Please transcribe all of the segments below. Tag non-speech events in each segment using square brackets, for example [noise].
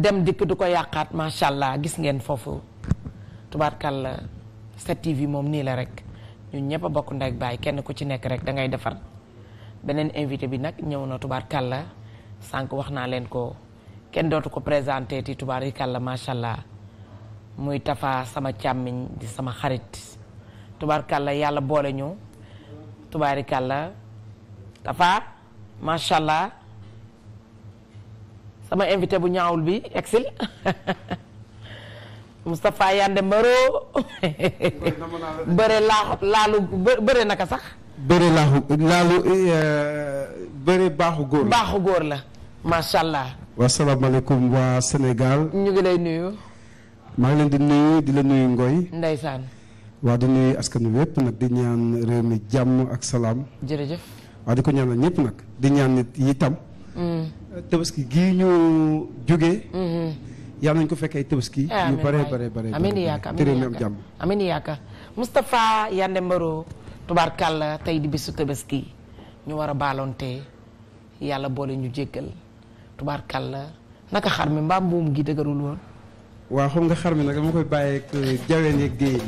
dem dikk du ko yàqaat macha allah gis ngeen foofu la 7TV moom nii la rek ñun ñëpp a bokk ndey ak baay kenn ku ci nekk rek da ngay defar beneen invité bi nag ñëw na la sànq wax naa leen ko kenn dootu ko présenté ti tubaarkàlla macha allah muy Tafa sama càmmiñ di sama xarit la yàlla boole ñu tubaarkàlla Tafa macha allah. sama invité bu ñaawul bi exil [laughs] Moustapha Yande Mbaro [laughs] bëre laa laalu bëre sax bëre laaxu laalu eh, baaxu góor baaxu góor la macha allah wasalaamaaleykum waa Sénégal ñu ngi lay nuyu maa ngi leen di nuyu di la nuyu Ngoy ndeysaan waa di nuyu askan wi yëpp nag di ñaan réew mi jàmm ak salaam jërëjëf waa di ko ñaanal ñëpp nag di ñaan nit tam Euh, tabaski gii ñu jóge mm-hmm. yàlla nañu ko fekkee ay tabaski. amiin yu bare bare bare amiin yaakaar amiin yaakaar Moustapha Yande Mbaro tubaarkàlla tey di bisu tabaski ñu war a baaloonte yàlla boole ñu jéggal tubaarkàlla naka xar mi mbaam buum gi dëgërul woon. xam nga xar mi nag dama koy bàyyeeg euh, jaween yeeg géej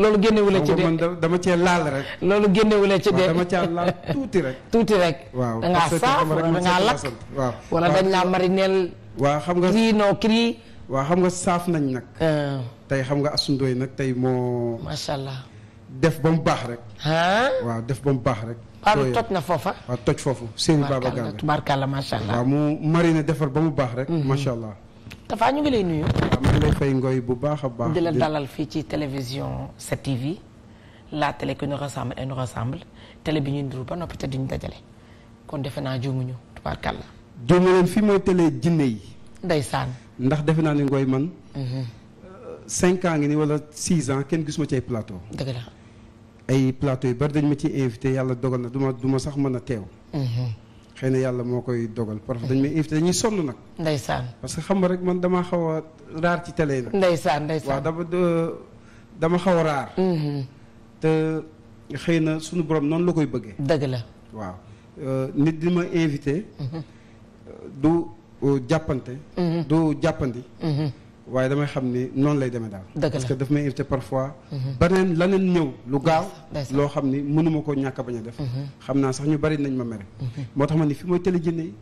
loolu génnewule ci de dama cee laal rek. loolu génnewule ci de dama cee laal tuuti rek. [laughs] tuuti rek. waaw da ngaa saaf wala da waaw wala dañ laa marinel. waa xam nga kii noo kii. waaw xam nga saaf nañ nag. Ah. tey xam nga Assou Ndoye nag tey moo. macha allah. def ba mu baax rek. Ah? waaw def ba mu baax rek. waaw toj na foofa. waaw toj foofu Serigne Baba Gambe tubaarkàlla macha allah. mu marine defar ba mu baax rek. Mm-hmm. macha allah. Tafa ñu ngi lay nuyu. waaw man lay fay bu baax a baax. di la dalal fii ci télévision 7TV laa télé qui nous ressemble et nous rassemble télé bi ñuy ndur ba noppi te duñu dajale kon defe naa juumuñu tubaarkàlla. juumu leen fii mooy télé jinne yi. ndeysaan. ndax defe naa ne ngoy man. Mhm. Euh, cinq ans ngi ni wala six ans kenn gisuma ci ay plateau. ay plateau yu bari dañ ma ci invité yàlla dogal na du ma du sax mën a teew. Mhm. xëy na yàlla moo koy dogal parce que dañ may invité dañuy sonn nag. ndeysaan parce que xam na rek man dama xaw a raar ci télé nag. ndeysaan ndeysaan waa dama euh, dama xaw a raar. Mm-hmm. te xëy na suñu borom noonu la koy bëggee. dëgg la waaw euh, nit di ma invité. Mm-hmm. du euh, jàppante. Mm-hmm. du jàppandi. waaye damay xam ni noonu lay demee daal. parce que daf may invité parfois. Mhm. beneen laneen ñëw lu gaaw. loo xam ni mënuma ko ñàkk bañ a def. Mhm. xam naa sax ñu bari nañ ma mere. Mhm. moo tax ma ni fi mooy télé jënne yi.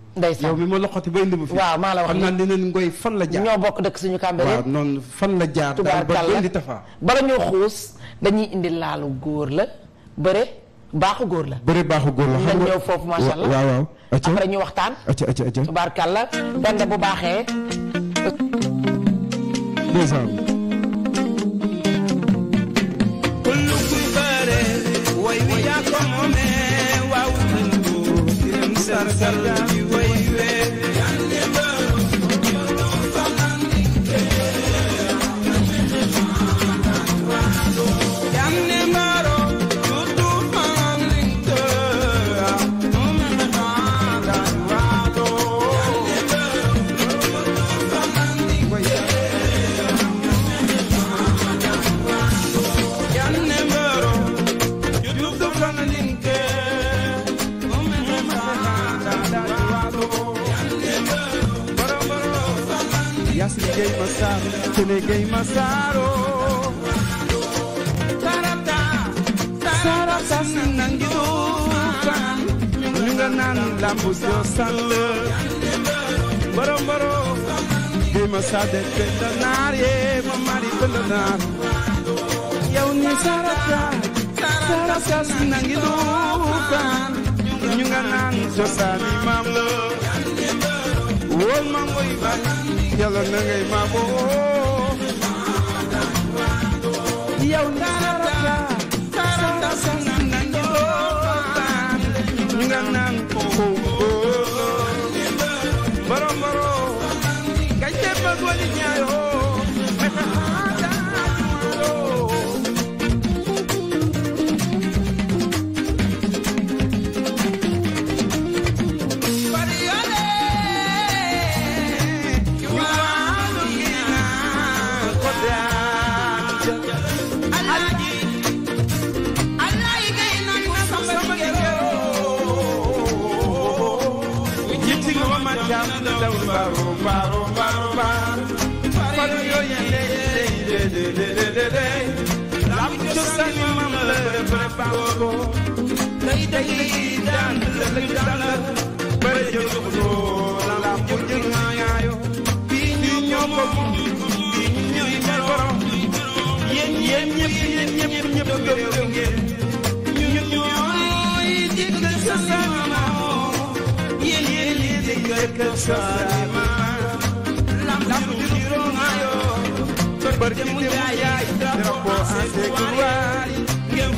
yow mi ma loxoti bay ndëbu fi. waaw maa la wax xam naa leneen ngoy fan la jaar. ñoo bokk dëkk suñu Cambérène. la jaar. ba indi xuus dañuy indi laalu góor la bëre baaxu góor la. bëre baaxu góor la xam nga ñëw foofu macha allah waaw waaw. après ñu waxtaan. tubaarkàlla benn bu baaxee ndeysaan kullu kuy bëre way wi yaa ko moome waaw sargal Yassin Gueye Massar Sene Gueye Massar Sarata Sarata si nangido fan ñu nga naan lambu soo sàll mboro mboro Gueye Massar de naar yee ma mari penda naar yow ni Sarata Sarata si nangido fan ñu nga naan soo sàll maam la woon ma ngoy yàlla na ngay maabo yow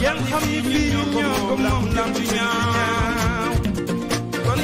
Yàlla xam ni fii ñoo ko moom lamb ñaar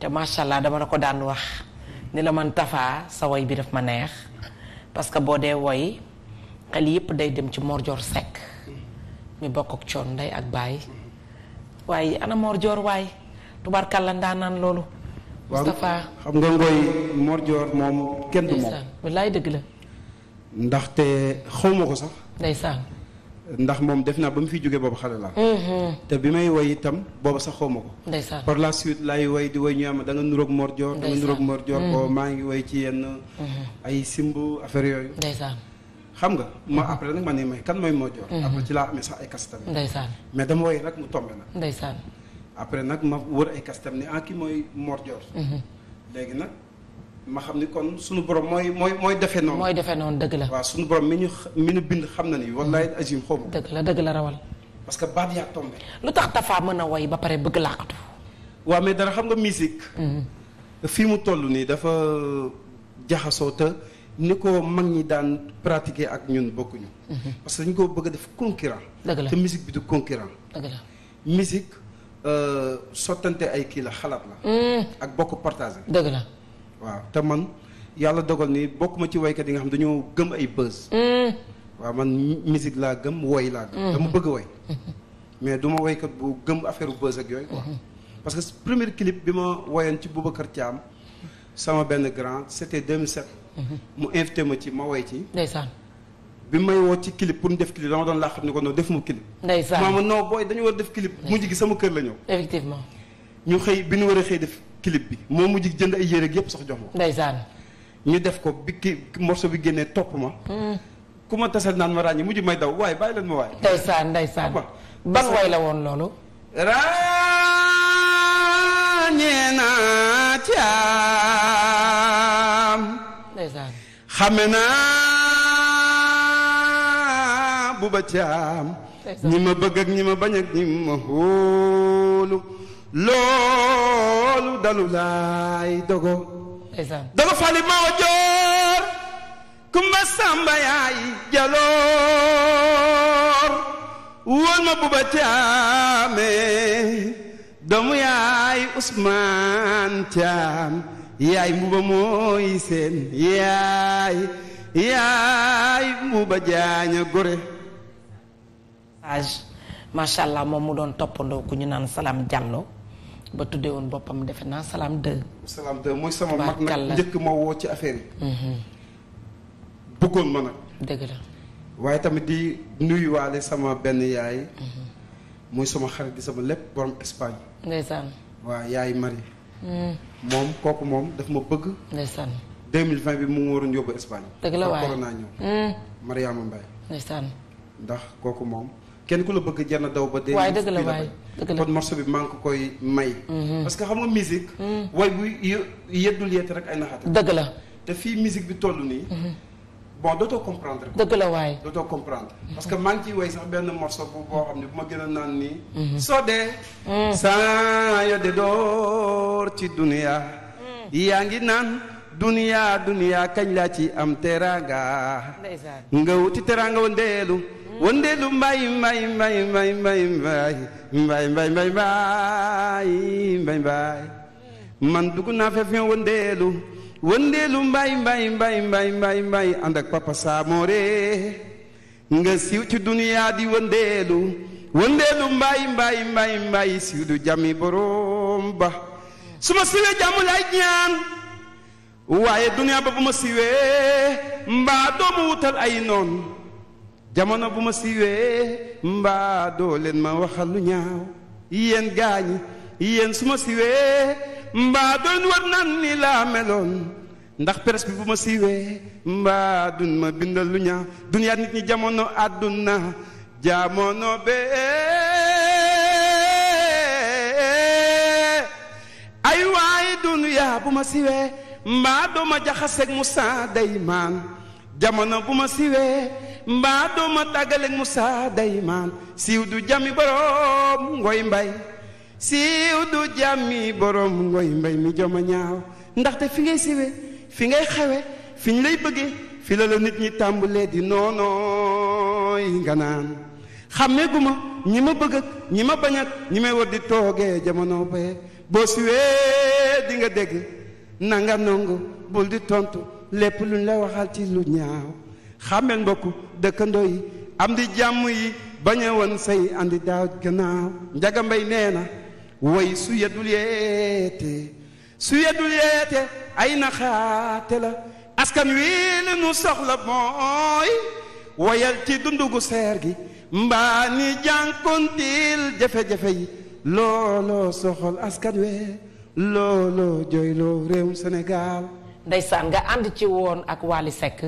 te macha allah dama la ko daan wax ni la man tafaa sa woy bi daf ma neex parce que boo dee woy xel yépp day dem ci Mor Dior Seck mi bokk ak coon ndey ak baay waaye ana Mor Dior waay tubaarkàlla ndaanaan loolu. Moustapha xam nga ngoy Mor Dior moom kenn du moom. wallaay dëgg la. ndaxte xaw ma ko sax. ndax moom def naa ba mu fi jógee boobu xale laa mm-hmm. te bi may woy itam booba sax xawma ko par la suite laay woy di woy ñu am da nga nuroog Mor Dior da nga nuroog Mor Dior mm-hmm. maa ngi woy ci yenn mm-hmm. ay simb affaire yooyu xam nga ma après nag ma ne may kan mooy Mor Dior après ci laa amee sax ay kastam mais dama woy rek mu tombé nag ndeysaan après nag ma wër ay kastam ni ah kii mooy Mor Dior léegi nag ma xam ni kon suñu borom mooy mooy mooy defee noonu. mooy defee noonu dëgg la. waaw suñu borom mi ñu mi ñu bind xam na ni wallaay mm-hmm. azim xaw ma. dëgg la dëgg rawal. parce que baat yaa tombé. lu tax Tapha mën a woy ba pare bëgg làqatu. waaw mais dara xam nga musique. Mm-hmm. fii mu toll nii dafa jaxasoo te ni ko mag ñi daan pratiquer ak ñun bokkuñu. Mm-hmm. parce que dañu koo bëgg a def concurrent. dëgg la te musique bi du concurrent. dëgg la musique euh, sottante ay kii la xalaat la. Mm. ak bokk portage dëgg la. waaw te man yàlla dogal ni bokk ma ci waykat yi nga xam dañoo gëm ay buzz. Mm. waa man musique laa gëm woy laa gëm. Mm. dama bëgg woy mais du ma waykat bu gëm affaire buzz ak yooyu quoi. parce que premier clip bi ma woyan ci Boubacar Thiam sama benn grand c'était 2007. mu invité ma ci ma woy ci. ndeysaan. bi may woo ci clip pour ñu def clip dama doon laa xam ne ko non defuma clip. ndeysaan maama non booy dañu war def clip. mujj gi sama kër la ñëw. effectivement. ñu xëy bi nu war a xëy def. clip bi moo mujj jënd ay yére yëpp sax jox ma. ndeysaan. ñu def ko bi ki morceau bi génnee topp ma. Hmm. ku ma tasal naan ma ràññee mujj may daw waaye bàyyi leen ma waaye. ndeysaan ndeysaan ban way la woon loolu. ràññee xame naa bu caam. ñi ma bëgg ak ñi ma bañ ak ñi ma hóolu. loolu dalu laay dogo dogo fali moo joor kumba samba yaay jaloor woon ma buba caame doomu yaay usmaan caam yaay mbuba mooy yaay yaay mbuba jaaña gore macha moom mu doon toppandoo ku ñu naan Salam Diallo ba tuddee woon boppam defe naa salaam deux. salaam deux mooy sama mag nag njëkk ma woo ci affaire yi. Mhm. bëggoon ma nag. dëgg la. waaye tamit di nuyuwaale sama benn yaay. Mhm. sama xarit di sama lépp yaay Marie. Mhm. moom kooku moom daf ma bëgg. ndeysaan. 2020 bi mu ngi waroon yóbbu Espagne. dëgg la waaye corona ñëw. Mariama Mbaye. ndax kooku moom. kenn ku la bëgg jar na daw ba dee. waay dëgg la ko koy may. Mhm. parce que xam nga musique. Mhm. way bu yeddul yeete rek ay naxaate. dëgg la te fii musique bi toll nii. Mhm. bon dootoo comprendre. dëgg la waay dootoo comprendre. parce que maa ngi ciy way sax benn morceau bu boo xam ne bu ma gën a naan nii. soo dee. saa yo door ci duniya. yaa ngi naan. duniya duniya kañ laa ci am teraanga. nga wuti teraanga wëndeelu. wëndeelu mbay mbay mbay mbay mbay mbay mbay mbay mbay mbay mbay mbay man dugg naa fef ñoo mbay mbay mbay mbay mbay mbay ànd ak papa Samoré nga siiw ci duniyaa di wëndeelu wëndeelu mbay mbay mbay mbay siiw du jàmmi borom ba su ma siwee jàmm lay ñaan waaye duniyaa ba bu ma siwee mbaa doomu wutal ay noon jamono bu ma siiwee mbaa doo leen ma waxal ñaaw yéen gaañi yéen su ma siiwee mbaa doon war nan ni laa meloon ndax presse bi bu ma siiwee mbaa dun ma bindal ñaaw dunyaa nit ñi jamono àdduna jamono bee ay waaye dunyaa bu ma siiwee mbaa doo ma jaxaseeg Musaa day maan jamono bu ma siiwee mbaa dooma tàggaleeg Moussa daymaan siiw du jàmmi boroom ngoy mbay siiw du jàmmi boroom ngoy mbay mi joma ñaaw ndaxte fi ngay siwe fi ngay xewe fi ñu lay bëggee fi la la nit ñi tàmbalee di noonooy nga naan xàmmeeguma ñi ma bëgg ñi ma bañ ñi may war di toogee jamono baye boo siwee di nga dégg nanga nongu bul di tontu lépp luñ la waxal ci lu ñaaw xàmmeel mbokk dëkkandoo yi am di jàmm yi bañ a woon say andi daaw gannaaw njaga nee na way su yeddul yeete su yeddul yeete ay naxaate la askan wii li soxla mooy woyal ci dundugu seer gi mbaa ni jànkontil jafe-jafe yi looloo soxal askan wee looloo jooyloo réewum Sénégal ndeysaan nga ànd ci woon ak Wally Seck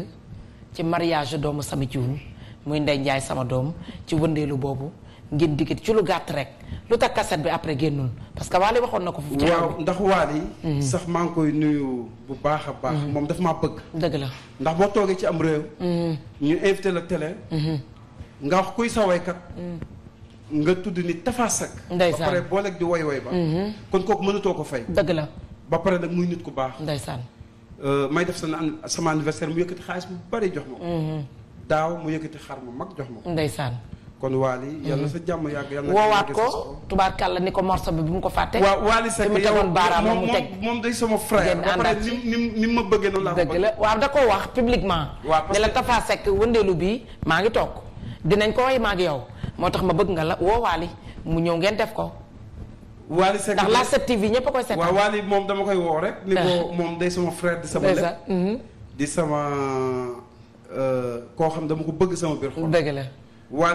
ci mariage doomu Samy Thioune muy Ndeye Ndiaye sama doom ci wëndeelu boobu ngeen diggit ci lu gàtt rek lu tax kaset bi après génnul parce que Waly waxoon na ko foofu. waaw ndax Waly. Hmm. sax maa ngi koy nuyu bu baax a baax. Hmm. moom daf maa bëgg. dëgg la ndax boo toogee ci am réew. Hmm. ñu invité la télé. nga wax kuy sa kat nga tudd nit tafaasak. ndeysaan ba pare booleeg di woy woy ba. kon kooku mënatoo ko fay. dëgg la ba pare nag muy nit ku baax. ndeysaan Euh, may def sama anniversaire mu yëkkati xaalis bu bari jox ma ko. Mhm. daaw mu yëkkati xar mu mag jox ma ko. ndeysaan. kon Waly yal na mhm. sa jàmm yàgg yal woowaat ko tubaarkàlla ni ko morso bi bu mu ko fàtte. waaw Waly Seck mu tegoon baaraam moom moom day sama frère. ba pare ma bëggee noonu laa ko dëgg la waaw da koo wax publiquement ne la Tafa Seck wëndeelu bi maa ngi toog dinañ ko way maa yow moo tax ma bëgg nga la woo Waly mu ñëw ngeen def ko. Wally Seck ndax la 7TV ñëpp a koy seetaan. waaw Wally moom dama koy woo rek. ni ko ah. moom day sama frère di sama lépp. Mhm. di sama euh, koo xam dama ko bëgg sama biir xol.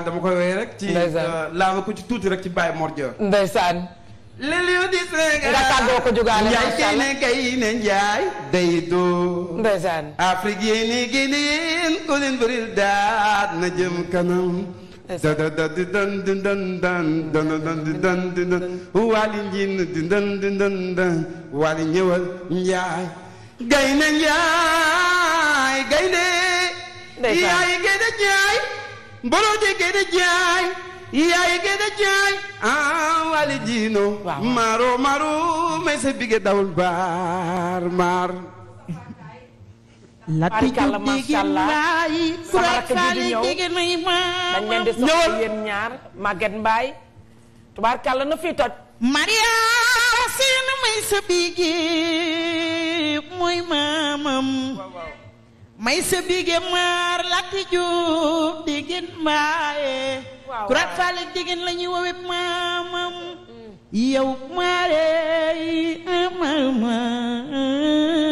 dama koy wooyee rek. ci euh, laaba ko ci tuuti rek ci Baye Mor Dia. ndeysaan. léeg-léeg di Sénégal nga tàggoo ko jugaale. macha allah Ndiaye kay ne Ndiaye. day doo. ndeysaan. Afrique yi nii Guinée ku leen bëri daat na jëm kanam. da da da di dan di dan dan da dan di dan di dan di dan di dan dan waali njaay gaynde njaay gaynde yaay gaynde njaay mboloo gaynde njaay yaay gaynde njaay ah waali jiino maaro maaro may sa dawul baar maar lati di ñëw dañ leen di soxla yéen ñaar Maguette Mbaye tubaarkàlla na fi toj Mariama seen may sa bigé mooy maamam may sa bigé maar lati jub jigéen Mbaye kurat faale jigéen la ñuy woowee maamam mm. yow maare maamam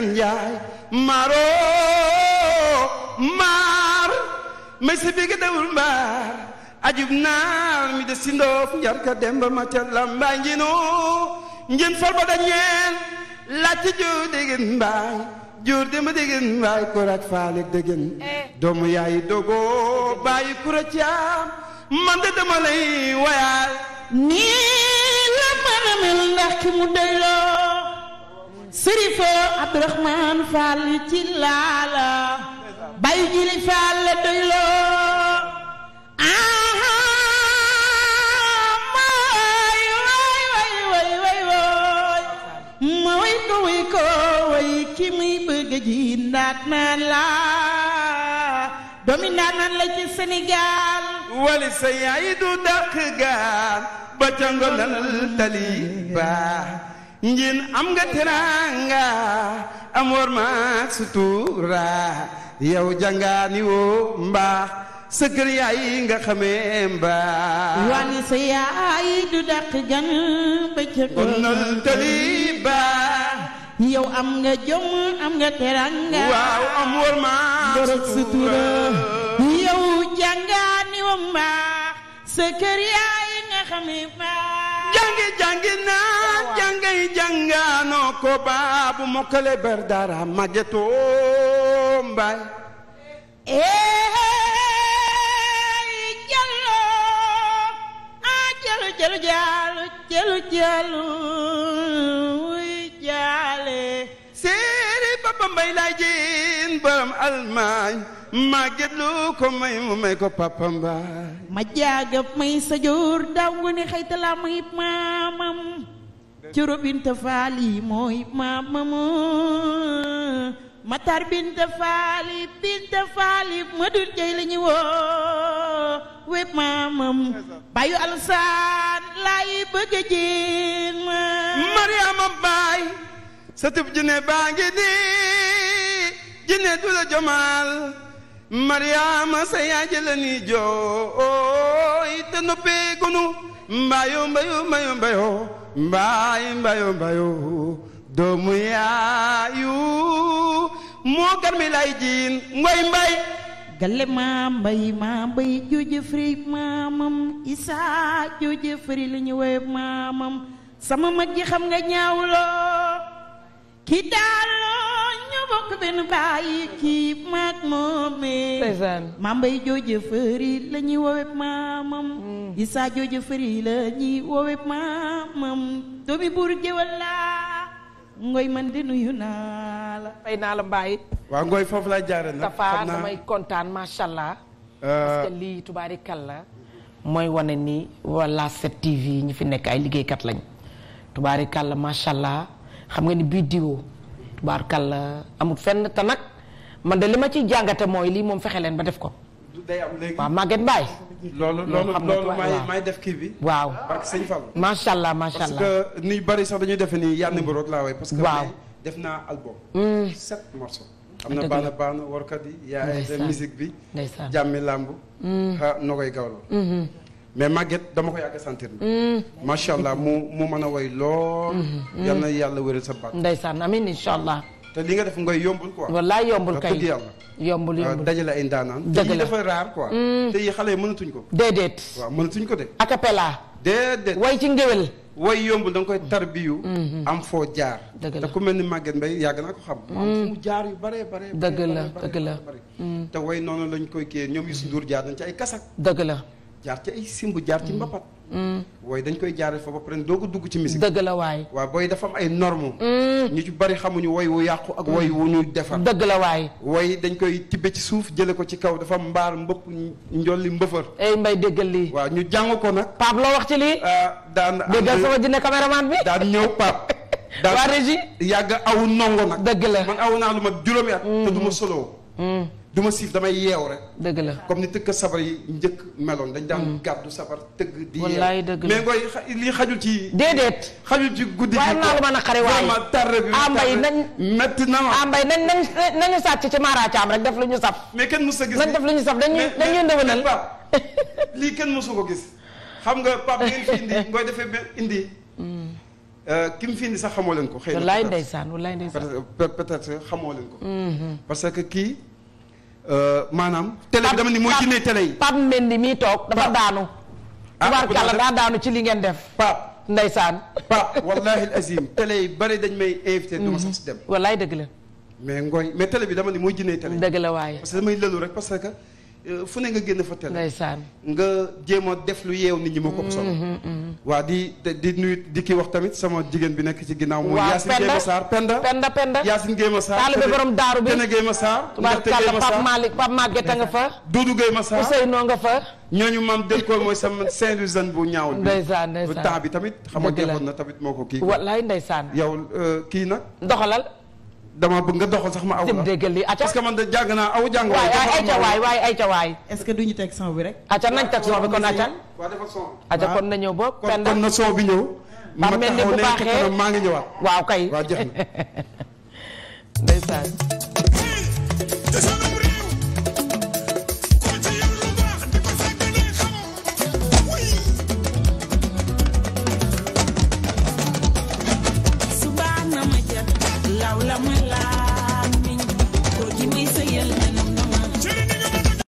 Ndiagan Ndiaye maro maar may si bi mbaar ajub naar mi de si njar ka demba ma ca lambaa njinu njin fol ba dañeen laajte jur dégén mbaay jur démba dégén mbaay kurat faaleg dégén eh. doomu yaayi dogoo bàyyi kura caam man de dama lay nii la mën mel ndax ki mu delloo sërifa abduraxmaan faal ci laala bay jili faal la doyloo aha may way way way way way ma way ko way ko way ki muy bëgga ji ndaat naan la doomi ndaat naan la ci Sénégal wali sa yaay du dàq gaal ba ca ngolal tali baa ngeen am nga teranga am war maak sutura yow jangaani woo mbaax sa kër yaay nga xamee mbaax wani sa yaay du dàq gan bëccëg nal tali baax yow am nga jom am nga teranga waaw am war maak sutura yow jangaani woo mbaax sa kër yaay nga xamee mbaax jàngaanoo ko baabu mokkale ber dara mageto mbay eey jallo a jalu jalu jalu jalu jalu jaale séeri baba mbay lay jiin borom almaañ màgget lu ko may mu may ko papa ma jaagab may sa joor daw ngu ne xaytala may maamam coro binta faali mooy maamam matar binta faali binta faali ma dul jey la ñu woo wépp maamam bayu alsaan laay bëgg a jéen ma mariama baay sa tub jinne baa ngi di jinne du la jomaal mariama sa yaay la ni joo noppeegunu mbayo mbayo mbayo mbayo mbaay mbayo mbayo doomu yaayu moo garmi lay jiin ngoy mbay galle maa mbay maa mbay jooje firi maamam isaa jooje firi la ñu woy maamam sama mag ji xam nga ñaawloo ki daaloo ñoo bokk benn bàyyi kii maag moomee. ndeysaan maam bay jooje fëri la ñuy woowee maamam. Mm. Issa jooje fëri la ñuy woowee maamam. doomi buur géwël laa ngoy man de nuyu naa la. fay naa la mbaay. waaw ngoy foofu laa jaare nag xam naa damay kontaan macha allah. Euh, parce que lii tubaarikàlla mooy wane ni wala 7TV ñi fi nekk ay liggéeykat lañ tubaarikàlla macha allah xam nga ni bii tubaarkàlla amul fenn te nag man de li ma ciy jàngate mooy lii moom fexe leen ba def ko. day am léegi waaw Maguette Mbaye. loolu loolu loolu may may def kii bi. waaw parce que macha allah macha allah parce que ni bari sax dañuy defe nii yàlla na mbiroog laa way. parce que def naa album. Hmm. sept morceaux. am na baana baana warkat yi. yaay musique bi. jàmmi làmb. xa hmm. noo koy gawlo hmm, mais Maguette dama koy yàgg sentir na mm. macha allah mu mu mën a woy lool mm-hmm, mm-hmm. yal na yàlla wéral sa baat ndeysaan amin incha allah te li nga def ngoy yombul ko wallaay yombul kay dëgg yàlla yombul yombul dajale ay mm. xale yi mënatuñ ko déedéet waaw mënatuñ ko de acapella déedéet way ci ngéwél da nga koy tarbiyu mm-hmm. am foo jaar te ku mel ni Maguette mbay yàgg naa ko xam mm. mu jaar yu bare bare dëgg la dëgg la te way noonu lañ koy kiyee ñoom Youssou Ndour jaar nañ ci ay kasak dëgg la jaar ci ay simb jaar ci mm. mbapat. Mm. waaye dañ koy jaaree fa ba doo ko dugg ci musique. dëgg la waay waa booy dafa am ay normes. Mm. ñu ci bari xamuñu woy wu yàqu ak woy wu ñuy defar. dëgg la waay. woy dañ koy tibbe ci suuf jële ko ci kaw dafa mbaar mbëpp njolli mbëfër. ay mbay déggal lii. waaw ñu jàng ko nag. Pape loo wax ci lii. Ah, daan déggal sama jinne caméraman bi. daan ñëw Pape. [laughs] waa régie yàgg awu nongo nag. dëgg la man aw naa lu mag juróomi at. te du ma solo. du ma siif damay yeew rek. dëgg la comme ni tëkk sabar yi njëkk meloon dañ daan mm. gàddu sabar tëgg di yeew wallaay dëgg la mais ngooy lii xajul ci. déedéet xajul ci guddi gi waaye naa la a xare waaye vraiment tarre bi ambay ah, nañ na ma ambay ah, nañ nañ nañu sàcc ci maaraacaam rek def lu ñu saf mais kenn mos a gis nañ def lu ñu saf dañuy dañuy ndëwënal [laughs] lii kenn mosu ko gis xam nga pap ngeen [laughs] ngooy defee ba indi mm. euh, ki mu fi indi sax xamoo leen ko xëy na wallaay ndeysaan wallaay ndeysaan peut-être xamoo leen ko mm-hmm. parce que kii Euh, maanaam. tele bi dama ni mooy jinne télé yi. Pape Mendy mii toog dafa ah, daanu. tubaarkàlla daa daanu ci li ngeen def. Pape ndeysaan. Pape wallaahi azim télé yi dañ may invité. dama sax si dem wallaay dëgg la. mais ngooñ mais télé bi dama ni mooy jinne télé. dëgg la waaye parce que damay lëlu rek parce que. Euh, fu ne nga génn fa télé ndeysaan nga jéem a def lu yeew nit ñi moo ko solo mm-hmm, mm-hmm. waa di di nuyu di ki wax tamit sama jigéen bi nekk ci ginnaaw mooy Yacine Guèye Massar penda penda penda Yacine Guèye Massar taalibe borom daaru bi Kene Guèye Massar Mbacke Guèye Massar Pape Malick Pape Maguette nga fa Doudou Guèye Massar Ousseynou nga mooy sama saint lusene bu ñaawul ndeysaan bi tamit xam nga defoon na tamit moo ko kii wallaay ndeysaan yow euh, kii nag doxalal dama bëgg nga doxal sax ma aw la parce que man de jàng naa aw jàng. waay waay ayca waay waay ayca waay. est-ce que duñu teg son bi rek. aca nañ teg son bi kon aca. waaw defal son bi aca kon na ñëw ba. kon na son bi ñëw. ma taxaw ne ci kanam maa ngi ñëwaat. waaw kay waaw jeex na. [laughs] ndeysaan.